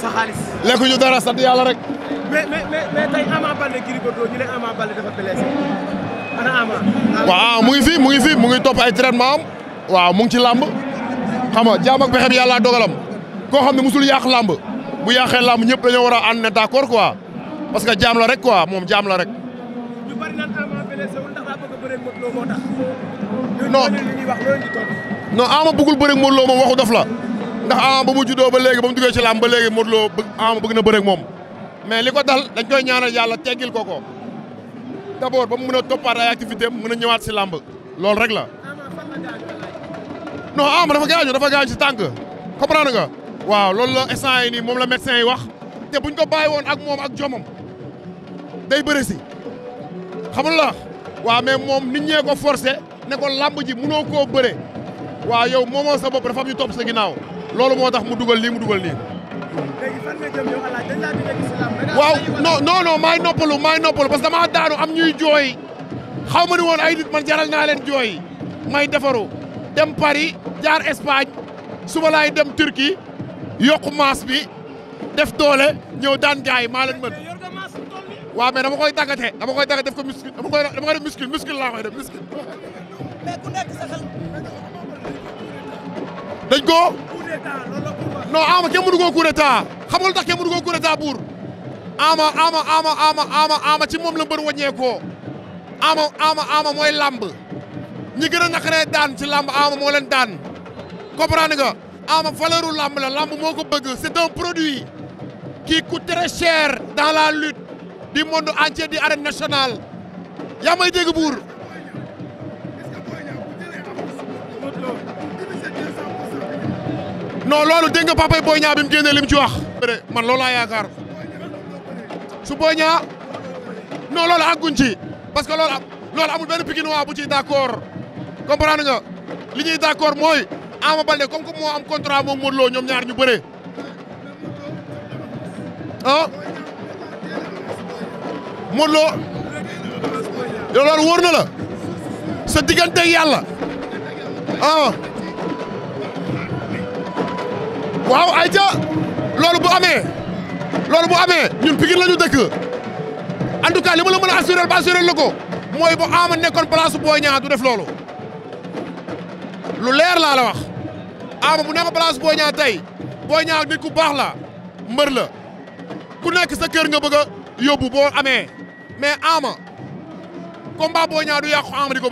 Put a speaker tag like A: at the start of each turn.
A: sa xaalis. lekku ñu dara sant yàlla rek. mais mais mu ngi fi mu ngi fi mu ngi topp ay traitement am waaw mu ngi ci làmb xama nga jaam ak yàlla dogalam koo xam ne musul yàq làmb bu yàqee làmb ñëpp dañoo war a ànd ne d'accord quoi parce que jaam rek quoi moom jaam rek. ñu bari naan Ama blessé wul ndax waxu dof la. ndax Ama ba bu juddoo ba léegi ba mu duggee ci làmb ba léegi Modou Lo bëgg Ama bëgg na bëre moom mais li ko dal dañ koy ñaanal yàlla teggil ko ko d'abord ba mu mën a toppaat ay activité am mën a ñëwaat si làmb loolu rek la non am dafa gaañu dafa gaañu si tànk comprendre nga waaw lool la instant yi nii moom la médecin yi wax te buñ ko bàyyi woon ak moom ak jomam day bëre si xamul la waaw mais moom nit ñee ko forcé ne ko làmb ji mënoo koo bëre waaw yow moomoo sa bopp dafa am ñu topp sa loolu moo tax mu dugal lii mu dugal waaw non non non maay noppalu maay parce que damaa daanu am ñuy jooy xaw ma ni woon ay nit man jaral naa leen jooy may defaru dem Paris jaar Espagne suba dem Turquie yokku maas bi def doole ñëw daan gaay maa leen mën. waaw mais dama koy tàggate dama koy tàggate def ko muscle dama koy dama koy def muscle muscle laa koy def muscle. dañ ko. non Ama kenn mënu koo coup d'état xam nga lu tax kenn mënu koo coup Ama Ama Ama Ama Ama Ama ci moom la mbër wàññeekoo Ama Ama Ama mooy làmb ñi gën daan ci làmb Ama moo leen daan comprendre nga Ama valeuru làmb la làmb moo ko bëgg c'est un produit qui coûte très cher dans la lutte du monde entier di arène nationale yaa may dégg buur non loolu dégg nga papa Boy Niang bi mu ci wax. man loolu laa yaakaar su Boy Niang loolu àgguñ ci parce que loolu loolu amul benn Pikine waa bu ciy d'accord comprendre nga li ñuy d'accord mooy Ama Baldé comme que moo am contrat moom Modou ñoom ñaar ñu bëree ah loolu wóor na la sa diggante ak yàlla ah. waaw ay ca loolu bu amee loolu bu amee ñun Pikine la ñu dëkk en tout cas li ma la mën ba assuré la ko mooy bu ama nekkoon place Boy Niang du def loolu lu leer laa la wax ama bu nekkoon place Boy Niang tey Boy Niang nit ku baax la mbër la ku nekk sa kër nga bëgg a yóbbu boo amee mais ama combat Boy Niang du yàqu ama di ko